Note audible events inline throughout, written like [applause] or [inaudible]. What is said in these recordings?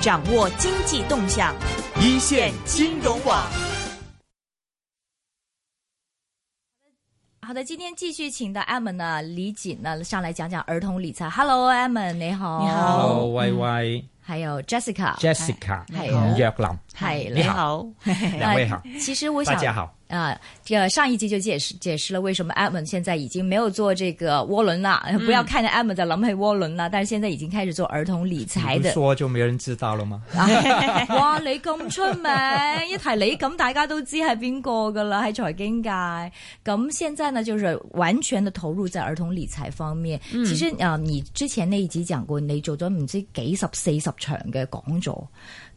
掌握經濟動向，一線金融網。好的，今天繼續請到安 n 呢、李錦呢上來講講兒童理財。Hello，m 安 n 你好。你好，Y Y、嗯。還有 Jessica，Jessica，還有若琳，Jessica, Hi. Hi. Hi. Oh. Hi. 你好。你好 Hi. 兩位好。 [laughs] 其實我想。大家好。啊，這上一集就解釋解釋了為什麼 Ammon 現在已經沒有做這個渦輪啦，不要看着 Ammon 就諗起渦輪啦。但是現在已經開始做兒童理財的，唔說就沒人知道了嗎？啊、 [laughs] 哇，你咁出名，一提你咁大家都知係邊個噶啦，喺財經界。咁現在呢，就是完全的投入在兒童理財方面。嗯、其實啊，你之前那一集講過，你做咗唔知幾十四十場嘅講座，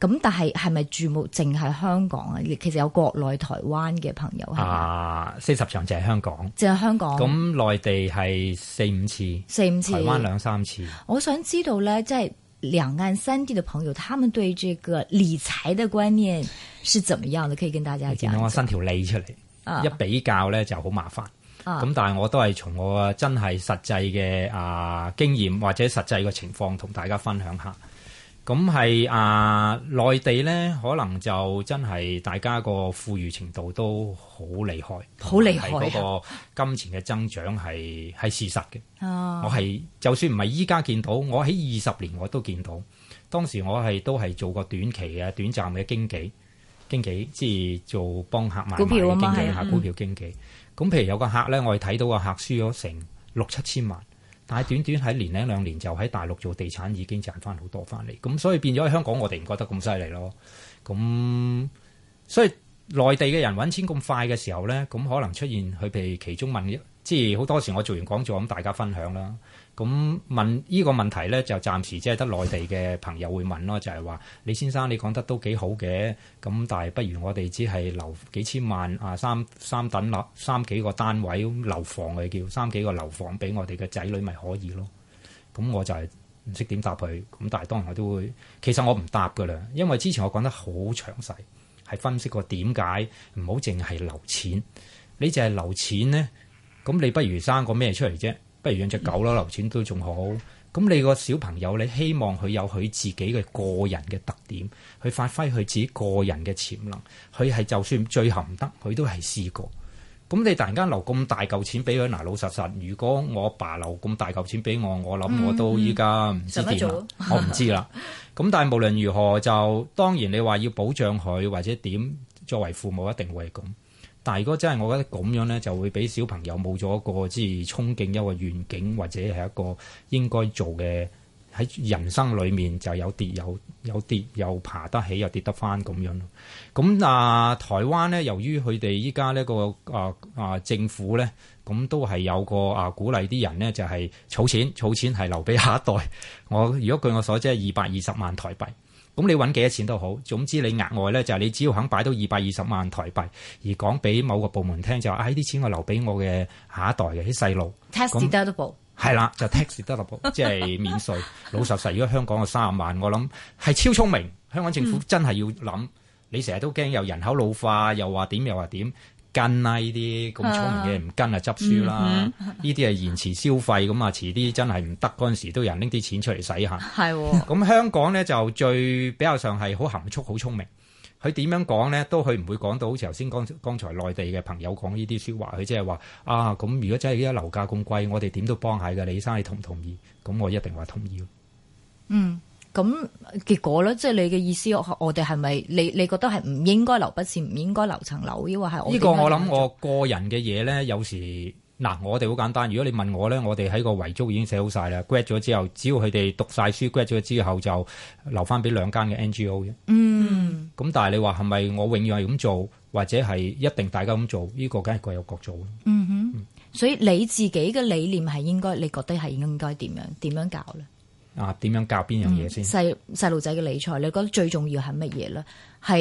咁但係係咪注目淨係香港啊？其實有國內台灣嘅。朋友啊，四十場淨係香港，淨係香港。咁內地係四五次，四五次，台灣兩三次。我想知道咧，即係兩岸三地嘅朋友，他們對這個理財嘅觀念是怎麼樣的？可以跟大家講。我伸條脷出嚟，啊，一比較咧就好麻煩。咁、啊、但係我都係從我真係實際嘅啊經驗或者實際嘅情況同大家分享下。咁係啊，內地咧可能就真係大家個富裕程度都好厲害，好厲害、啊、個金錢嘅增長係係事實嘅、哦。我係就算唔係依家見到，我喺二十年我都見到。當時我係都係做過短期嘅短暫嘅經紀經紀即係做幫客買賣嘅經紀吓，股票經紀，咁、嗯、譬如有個客咧，我哋睇到個客輸咗成六七千萬。但係短短喺年零兩年，就喺大陸做地產已經賺返好多返嚟，咁所以變咗喺香港我哋唔覺得咁犀利咯。咁所以內地嘅人搵錢咁快嘅時候咧，咁可能出現佢譬如其中問嘅。即係好多時，我做完講座，咁大家分享啦。咁問呢個問題咧，就暫時只係得內地嘅朋友會問咯。就係話李先生，你講得都幾好嘅。咁但係不如我哋只係留幾千萬啊，三三等樓三幾個單位樓房嚟叫三幾個樓房俾我哋嘅仔女，咪可以咯。咁我就係唔識點答佢。咁但係當然我都會其實我唔答噶啦，因為之前我講得好詳細，係分析過點解唔好淨係留錢。你淨係留錢呢。咁你不如生個咩出嚟啫？不如養隻狗咯，留錢都仲好。咁你個小朋友，你希望佢有佢自己嘅個人嘅特點，去發揮佢自己個人嘅潛能。佢係就算最後唔得，佢都係試過。咁你突然間留咁大嚿錢俾佢，嗱老實實。如果我爸留咁大嚿錢俾我，我諗我都依家唔知點、嗯嗯、 [laughs] 我唔知啦。咁但係無論如何，就當然你話要保障佢或者點，作為父母一定會咁。但係如果真係，我覺得咁樣咧，就會俾小朋友冇咗一個即係憧憬一個願景，或者係一個應該做嘅喺人生裡面，就有跌有有跌又爬得起，又跌得翻咁樣。咁啊，台灣咧，由於佢哋依家呢個啊啊政府咧，咁都係有個啊鼓勵啲人咧，就係儲錢，儲錢係留俾下一代。我如果據我所知係二百二十萬台幣。咁你揾幾多錢都好，總之你額外咧就係、是、你只要肯擺到二百二十萬台幣，而講俾某個部門聽就話，哎、啊、啲錢我留俾我嘅下一代嘅啲細路，tax deductible 係啦，就 tax deductible 即 [laughs] 係免稅。老實實，如果香港嘅三十萬，我諗係超聰明。香港政府真係要諗、嗯，你成日都驚又人口老化，又話點又話點。跟啦呢啲咁聰明嘅唔、uh, 跟啊執輸啦，呢啲係延遲消費咁啊，遲啲真係唔得嗰陣時都有人拎啲錢出嚟使下。係 [laughs] 咁香港呢，就最比較上係好含蓄、好聰明。佢點樣講呢？都佢唔會講到好似頭先剛剛才內地嘅朋友講呢啲説話。佢即係話啊，咁如果真係而家樓價咁貴，我哋點都幫下嘅。李生你同唔同意？咁我一定話同意。嗯。咁結果咧，即係你嘅意思，我我哋係咪你你覺得係唔應該留筆錢，唔應該留層樓，抑或係呢個我諗我個人嘅嘢咧，有時嗱我哋好簡單。如果你問我咧，我哋喺個遺囑已經寫好晒啦，grad 咗之後，只要佢哋讀晒書，grad 咗之後就留翻俾兩間嘅 NGO 啫。嗯。咁但係你話係咪我永遠係咁做，或者係一定大家咁做？呢、這個梗係各有各做。嗯哼。嗯，所以你自己嘅理念係應該，你覺得係應該點樣點樣搞咧？啊！點樣教邊樣嘢先？細細路仔嘅理財，你覺得最重要係乜嘢咧？係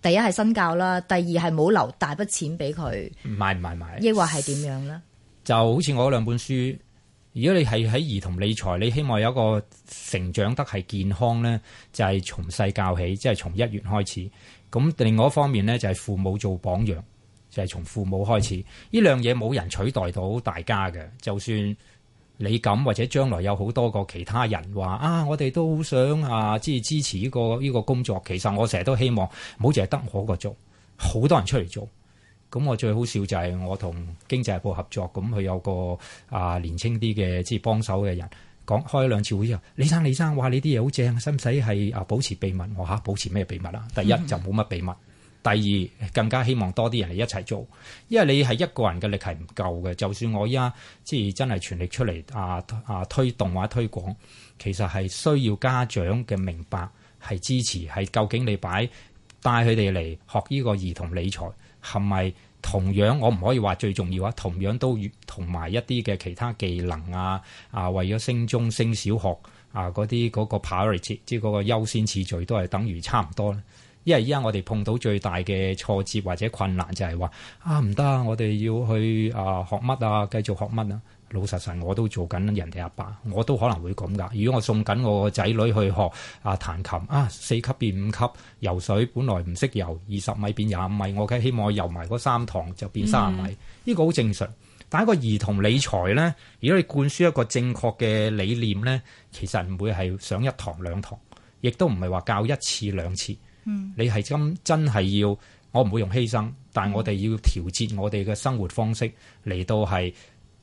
第一係身教啦，第二係冇留大筆錢俾佢。唔唔係，唔係，抑或係點樣咧？就好似我兩本書，如果你係喺兒童理財，你希望有一個成長得係健康咧，就係從細教起，即係從一月開始。咁另外一方面咧，就係、是、父母做榜樣，就係、是、從父母開始。呢樣嘢冇人取代到大家嘅，就算。你咁或者將來有好多個其他人話啊，我哋都好想啊，即係支持呢個呢個工作。其實我成日都希望唔好淨係得我個做，好多人出嚟做。咁我最好笑就係我同經濟日報合作，咁佢有個啊年青啲嘅即係幫手嘅人，講開咗兩次會之後，李生，李生，話你啲嘢好正，使唔使係啊保持秘密？我嚇保持咩秘密啊？第一就冇乜秘密。嗯第二，更加希望多啲人嚟一齊做，因為你係一個人嘅力係唔夠嘅。就算我依家即係真係全力出嚟啊啊推動或者推廣，其實，係需要家長嘅明白，係支持，係究竟你擺帶佢哋嚟學呢個兒童理財，係咪同樣我唔可以話最重要啊？同樣都同埋一啲嘅其他技能啊啊，為咗升中升小學啊嗰啲嗰個 priority，即係嗰個優先次序都係等於差唔多。因為依家我哋碰到最大嘅挫折或者困難就係話啊，唔得啊！我哋要去啊學乜啊，繼續學乜啊？老實實我都做緊人哋阿爸，我都可能會咁噶。如果我送緊我個仔女去學啊彈琴啊，四級變五級，游水本來唔識游二十米變廿五米，我梗希望我游埋嗰三堂就變三十米，呢、嗯這個好正常。但係個兒童理財呢，如果你灌輸一個正確嘅理念呢，其實唔會係上一堂兩堂，亦都唔係話教一次兩次。你係真真係要，我唔會用犧牲，但係我哋要調節我哋嘅生活方式嚟，到係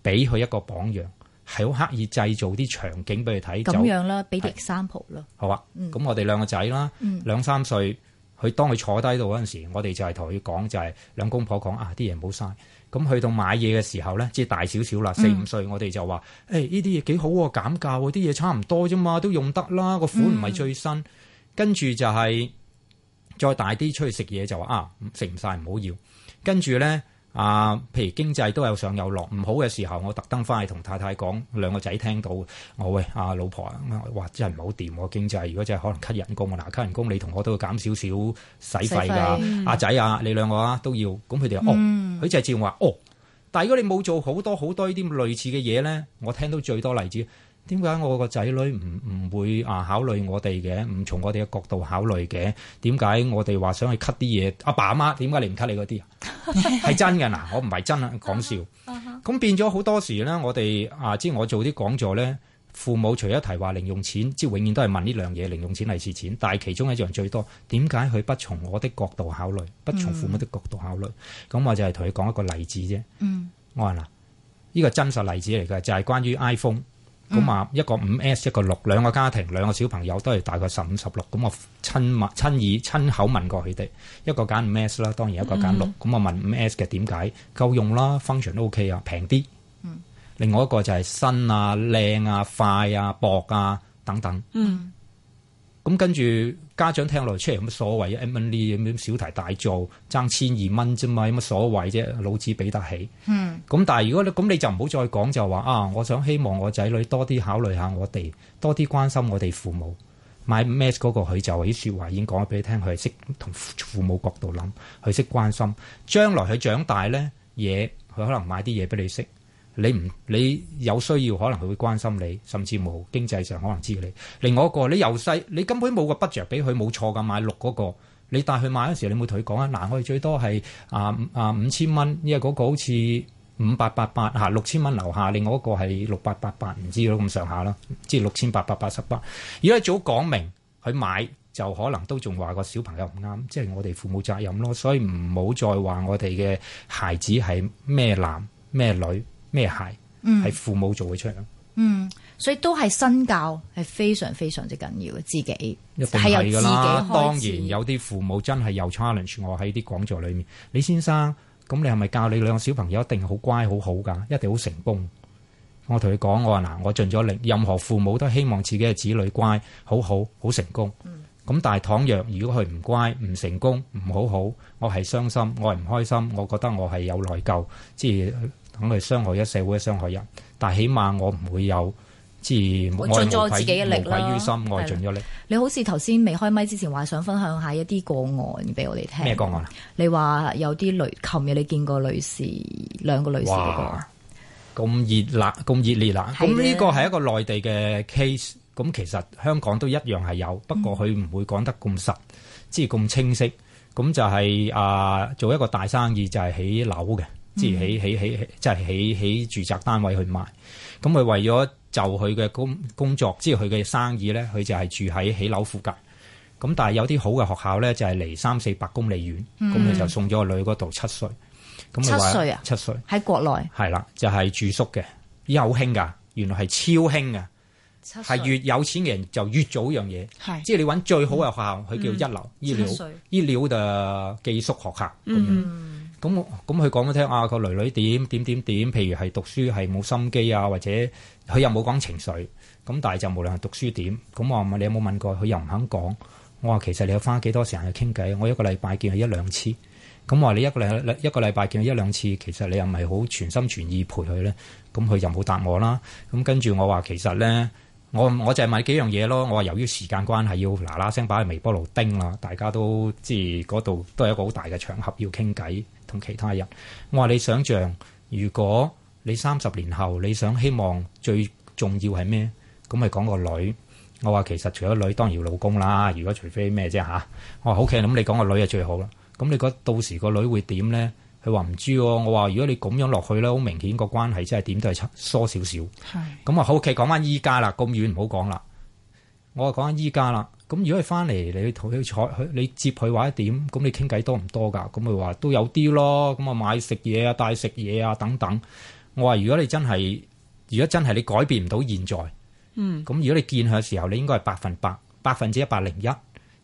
俾佢一個榜樣，係好刻意製造啲場景俾佢睇。咁樣啦，俾第三鋪啦。好啊，咁、嗯、我哋兩個仔啦，兩三歲，佢當佢坐低度嗰陣時，我哋就係同佢講，就係兩公婆講啊，啲嘢唔好嘥。咁去到買嘢嘅時候咧，即係大少少啦，四五歲，我哋就話，誒呢啲嘢幾好、啊，減價、啊，啲嘢差唔多啫嘛，都用得啦，個款唔係最新，跟、嗯、住就係、是。再大啲出去食嘢就話啊，食唔晒唔好要。跟住咧啊，譬如經濟都有上有落，唔好嘅時候我特登翻去同太太講，兩個仔聽到我，哦、喂啊老婆，啊、哇真係唔好掂喎經濟，如果真係可能 cut 人工嗱、啊、cut 人工你同我都要減少少使費，洗費啊，阿仔啊你兩個啊都要，咁佢哋哦佢、嗯、就係照話哦，但係如果你冇做好多好多呢啲類似嘅嘢咧，我聽到最多例子。點解我個仔女唔唔會啊考慮我哋嘅？唔從我哋嘅角度考慮嘅點解？我哋話想去 cut 啲嘢，阿爸阿媽點解你唔 cut 你嗰啲啊？係真嘅嗱，我唔係真啊，講笑咁變咗好多時咧。我哋啊，即係我做啲講座咧，父母除咗提話零用錢，即係永遠都係問呢兩嘢，零用錢、利是錢，但係其中一樣最多點解佢不從我的角度考慮，不從父母的角度考慮？咁、嗯、我就係同佢講一個例子啫。嗯，我話嗱，呢個真實例子嚟嘅，就係、是、關於 iPhone。咁、嗯、啊，一個五 S 一個六，兩個家庭兩個小朋友都係大概十五十六。咁我親親耳,親,耳親口問過佢哋，一個揀五 S 啦，當然一個揀六。嗯。咁我問五 S 嘅點解夠用啦，function 都 OK 啊，平啲。嗯。另外一個就係新啊、靚啊、快啊、薄啊等等。嗯。咁跟住家長聽落出嚟有乜所謂啊？M N 咁小題大做，爭千二蚊啫嘛，有乜所謂啫？老子俾得起。嗯，咁但係如果你咁，你就唔好再講就話啊。我想希望我仔女多啲考慮下我哋，多啲關心我哋父母。買 m e s s 嗰個，佢就啲說話已經講咗俾你聽，佢係識同父母角度諗，佢識關心。將來佢長大咧嘢，佢可能買啲嘢俾你識。你唔你有需要，可能佢會關心你，甚至冇經濟上可能知道你。另外一個你由細你根本冇個 budget 俾佢，冇錯㗎買六嗰、那個。你帶佢買嗰時，你冇同佢講啊嗱，我哋最多係啊啊五千蚊，因為嗰個好似五百八八嚇六千蚊樓下，另外一個係六百八八，唔知都咁上下啦，即六千八百八十八。如果早講明佢買，就可能都仲話個小朋友唔啱，即係我哋父母責任咯，所以唔好再話我哋嘅孩子係咩男咩女？咩係？係父母做嘅出嚟嗯，所以都係身教係非常非常之緊要嘅。自己係由自己當然有啲父母真係有 challenge 我喺啲講座裏面。李先生，咁你係咪教你兩個小朋友一定好乖好好噶？一定好成功？我同佢講，我話嗱，我盡咗力。任何父母都希望自己嘅子女乖好好好成功。咁但係倘若如果佢唔乖唔成功唔好好，我係傷心，我係唔開心，我覺得我係有內疚，即係。咁佢傷害一社會，傷害人，但係起碼我唔會有，即係愛盡咗自己嘅力啦。你好似頭先未開麥之前話，想分享一下一啲個案俾我哋聽。咩個案啊？你話有啲女，琴日你見過女士兩個女士個案。哇！咁熱辣，咁熱烈啦！咁呢個係一個內地嘅 case，咁其實香港都一樣係有，不過佢唔會講得咁實，即係咁清晰。咁就係、是、啊、呃，做一個大生意就係起樓嘅。即係起喺喺即係喺喺住宅單位去賣，咁佢為咗就佢嘅工工作，即係佢嘅生意咧，佢就係住喺起樓附近。咁但係有啲好嘅學校咧，就係離三四百公里遠，咁、嗯、佢就送咗個女嗰度七歲。咁佢話七歲啊？七歲喺國內。係啦，就係、是、住宿嘅，而家好興㗎，原來係超興㗎，係越有錢嘅人就越早樣嘢。係，即係你揾最好嘅學校，佢、嗯、叫一流醫療，醫療嘅寄宿學校咁、嗯、樣。咁咁佢講咗聽啊個女女點點點點，譬如係讀書係冇心機啊，或者佢又冇講情緒。咁但係就無論係讀書點，咁我話你有冇問過佢又唔肯講。我話其實你有花幾多時間去傾偈，我一個禮拜見佢一兩次。咁我話你一個禮一個禮拜見佢一兩次，其實你又唔係好全心全意陪佢咧。咁佢又冇答我啦。咁跟住我話其實咧，我我就係買幾樣嘢咯。我話由於時間關係，要嗱嗱聲擺喺微波爐叮啦。大家都即係嗰度都係一個好大嘅場合要傾偈。同其他人，我話你想象，如果你三十年後你想希望最重要係咩？咁你講個女。我話其實除咗女當然要老公啦。如果除非咩啫吓，我話好 k 咁你講個女啊最好啦。咁你覺得到時個女會點咧？佢話唔知喎、喔。我話如果你咁樣落去咧，好明顯個關係真係點都係差疏少少。係咁啊，好嘅、OK，講翻依家啦，咁遠唔好講啦。我話講返依家啦。咁如果你翻嚟，你去同佢坐，你接佢話一點？咁你傾偈多唔多噶？咁咪話都有啲咯。咁啊買食嘢啊，帶食嘢啊等等。我話如果你真係，如果真係你改變唔到現在，嗯，咁如果你見佢嘅時候，你應該係百分百百分之一百零一，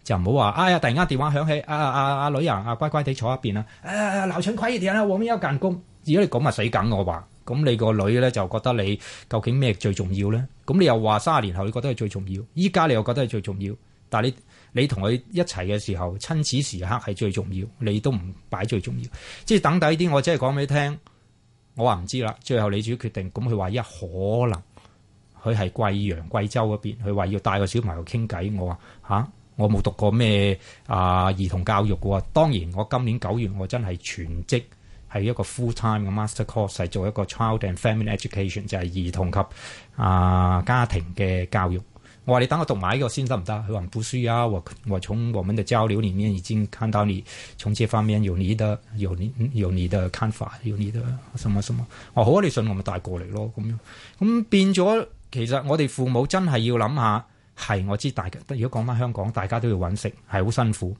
就唔好話哎呀，突然間電話響起，啊啊阿阿、啊、女人，啊乖乖地坐一邊啦，啊鬧搶鬼啲添啊，我邊有間工？如果你講埋死梗我話，咁你個女咧就覺得你究竟咩最重要咧？咁你又話卅年後你覺得係最重要，依家你又覺得係最重要，但你你同佢一齊嘅時候，親子時刻係最重要，你都唔擺最重要。即係等等啲，我真係講俾你聽。我話唔知啦，最後你主要決定。咁佢話一可能佢係貴陽貴州嗰邊，佢話要帶個小朋友傾偈。我話吓、啊，我冇讀過咩啊、呃、兒童教育嘅喎。當然我今年九月我真係全職係一個 full time 嘅 master course，係做一個 child and family education，就係兒童及啊、呃、家庭嘅教育。我話你等我讀埋呢個先得唔得？佢話唔使啊。我我從我們的交流裏面已經看到你從這方面有你的有你有你的看法，有你的，有你的，有你的，有你的什麼什麼。我好啊，你信我咪帶過嚟咯。咁樣咁變咗，其實我哋父母真係要諗下，係我知大家。如果講翻香港，大家都要搵食，係好辛苦。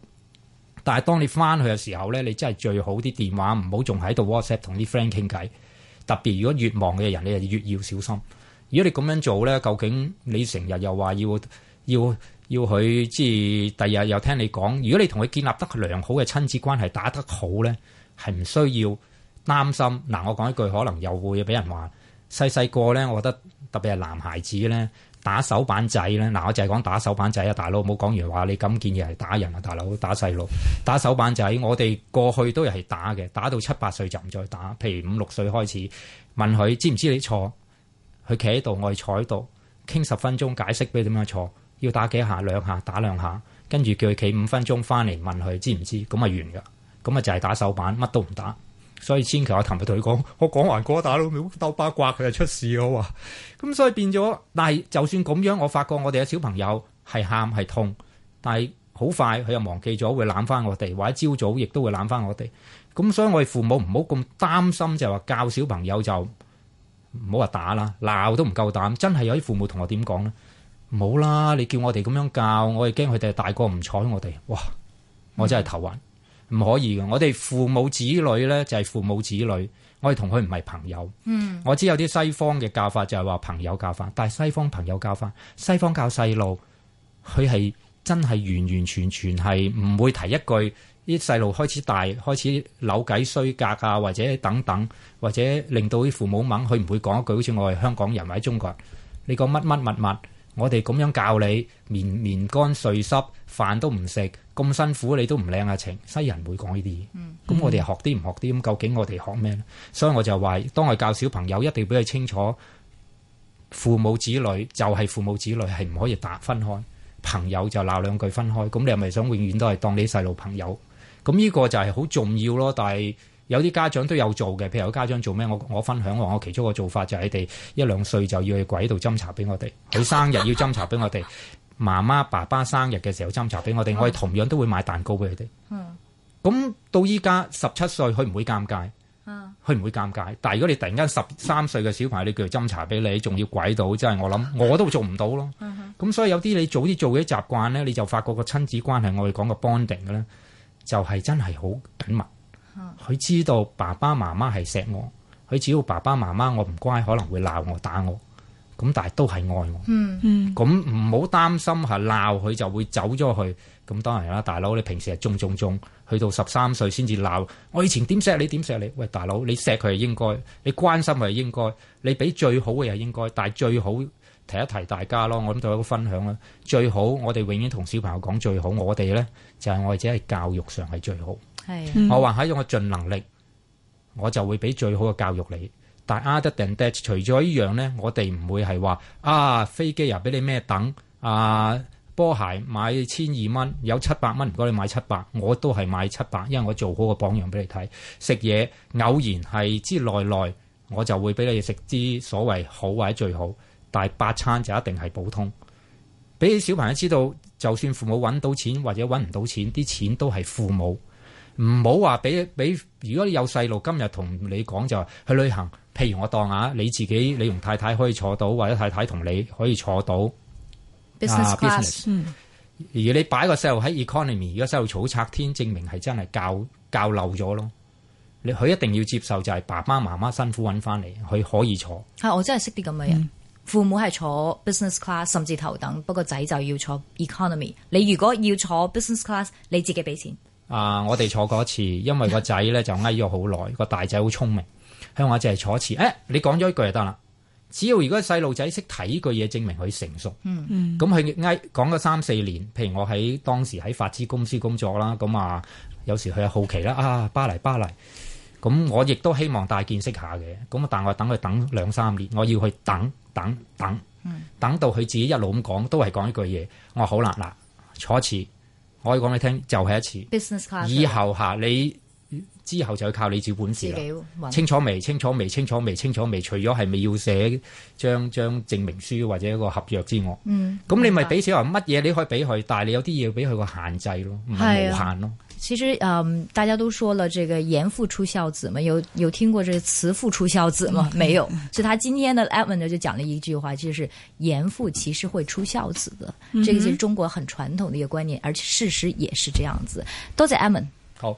但係當你翻去嘅時候咧，你真係最好啲電話唔好仲喺度 WhatsApp 同啲 friend 傾偈。特別如果越忙嘅人，你就越要小心。如果你咁樣做咧，究竟你成日又話要要要佢，即係第日又聽你講。如果你同佢建立得良好嘅親子關係，打得好咧，係唔需要擔心。嗱、啊，我講一句，可能又會俾人話細細個咧，我覺得特別係男孩子咧，打手板仔咧。嗱、啊，我就係講打手板仔啊，大佬，唔好講完話，你咁建議係打人啊，大佬打細路打手板仔。我哋過去都係打嘅，打到七八歲就唔再打。譬如五六歲開始問佢知唔知你錯。佢企喺度，我哋坐喺度，傾十分鐘，解釋俾佢點樣坐，要打幾下兩下，打兩下，跟住叫佢企五分鐘，翻嚟問佢知唔知，咁啊完噶，咁啊就係打手板，乜都唔打，所以千祈我頭佢同佢講，我講完哥打老唔鬥八卦，佢就出事嘅喎，咁所以變咗。但係就算咁樣，我發覺我哋嘅小朋友係喊係痛，但係好快佢又忘記咗，會攬翻我哋，或者朝早亦都會攬翻我哋，咁所以我哋父母唔好咁擔心，就係話教小朋友就。唔好話打啦，鬧都唔夠膽。真係有啲父母同我點講咧？唔好啦，你叫我哋咁樣教，我哋驚佢哋大個唔睬我哋。哇！我真係頭暈，唔、嗯、可以嘅。我哋父母子女咧就係父母子女，我哋同佢唔係朋友。嗯，我知有啲西方嘅教法就係話朋友教法，但係西方朋友教法。西方教細路，佢係真係完完全全係唔會提一句。啲細路開始大，開始扭計、衰格啊，或者等等，或者令到啲父母猛，佢唔會講一句，好似我係香港人或者中國人。你講乜乜物物，我哋咁樣教你，眠乾睡濕，飯都唔食，咁辛苦你都唔領情。西人會講呢啲，咁我哋學啲唔學啲？咁究竟我哋學咩咧？所以我就話，當我教小朋友，一定俾佢清楚，父母子女就係父母子女，係唔可以打分開。朋友就鬧兩句分開。咁你係咪想永遠都係當你細路朋友？咁呢個就係好重要咯，但係有啲家長都有做嘅。譬如有家長做咩？我我分享我其中一個做法就係，你哋一兩歲就要去鬼度斟茶俾我哋，佢生日要斟茶俾我哋， [laughs] 媽媽爸爸生日嘅時候斟茶俾我哋、嗯。我哋同樣都會買蛋糕俾佢哋。嗯，咁到依家十七歲，佢唔會尷尬。佢、嗯、唔會尷尬。但係如果你突然間十三歲嘅小朋友，你叫佢斟茶俾你，仲要鬼到，真係我諗我都做唔到咯。嗯咁所以有啲你早啲做嘅習慣咧，你就發覺個親子關係，我哋講個 bonding 嘅咧。就係真係好緊密，佢知道爸爸媽媽係錫我。佢只要爸爸媽媽我唔乖，可能會鬧我打我。咁但係都係愛我。嗯嗯，咁唔好擔心吓鬧佢就會走咗去。咁當然啦，大佬你平時係中中中，去到十三歲先至鬧。我以前點錫你點錫你喂，大佬你錫佢係應該，你關心佢係應該，你俾最好嘅係應該，但係最好。提一提大家咯，我諗做一個分享啦。最好我哋永遠同小朋友講最好，我哋咧就係我哋只係教育上係最好。係，我話喺我盡能力，我就會俾最好嘅教育你。但係 other than that 除咗呢樣咧，我哋唔會係話啊飛機又俾你咩等啊波鞋買千二蚊，有七百蚊，如果你買七百，我都係買七百，因為我做好個榜樣俾你睇。食嘢偶然係之內內，我就會俾你食之所謂好或者最好。第八餐就一定係普通。俾小朋友知道，就算父母揾到錢或者揾唔到錢，啲錢，錢都係父母。唔好話俾俾，如果你有細路今日同你講就去旅行，譬如我當下，你自己，你同太太可以坐到，或者太太同你可以坐到 business class，啊。Business, 嗯、而你擺個細路喺 economy，而家細路吵拆天，證明係真係教教漏咗咯。你佢一定要接受，就係爸爸媽媽辛苦揾翻嚟，佢可以坐。係、啊，我真係識啲咁嘅人。嗯父母係坐 business class 甚至頭等，不過仔就要坐 economy。你如果要坐 business class，你自己俾錢。啊，我哋坐過一次，因為個仔咧就哀咗好耐。 [laughs] 個大仔好聰明，香我只係坐一次。誒、哎，你講咗一句就得啦。只要如果細路仔識睇呢句嘢，證明佢成熟。嗯嗯。咁佢哀講咗三四年，譬如我喺當時喺法資公司工作啦，咁啊有時佢好奇啦，啊巴黎巴黎。咁我亦都希望大見識下嘅，咁但我等佢等兩三年，我要去等。等等，等到佢自己一路咁講都係講一句嘢。我話好難嗱，坐一次，我可以講你聽，就係一次 Business class。以後吓你。之後就要靠你自己本事啦。清楚未？清楚未？清楚未？清楚未？除咗係咪要寫張張證明書或者一個合約之外，咁、嗯、你咪俾錢話乜嘢？你可以俾佢，但係你有啲嘢要俾佢個限制咯，唔係無限咯。其實，嗯、呃，大家都說了，這個嚴父出孝子嘛，有有聽過這個慈父出孝子嘛、嗯？沒有。所以，他今天呢 Evan 呢就講了一句話，就是嚴父其實會出孝子的。嗯、這個其實是中國很傳統的一個觀念，而且事實也是這樣子。多謝 Evan 好。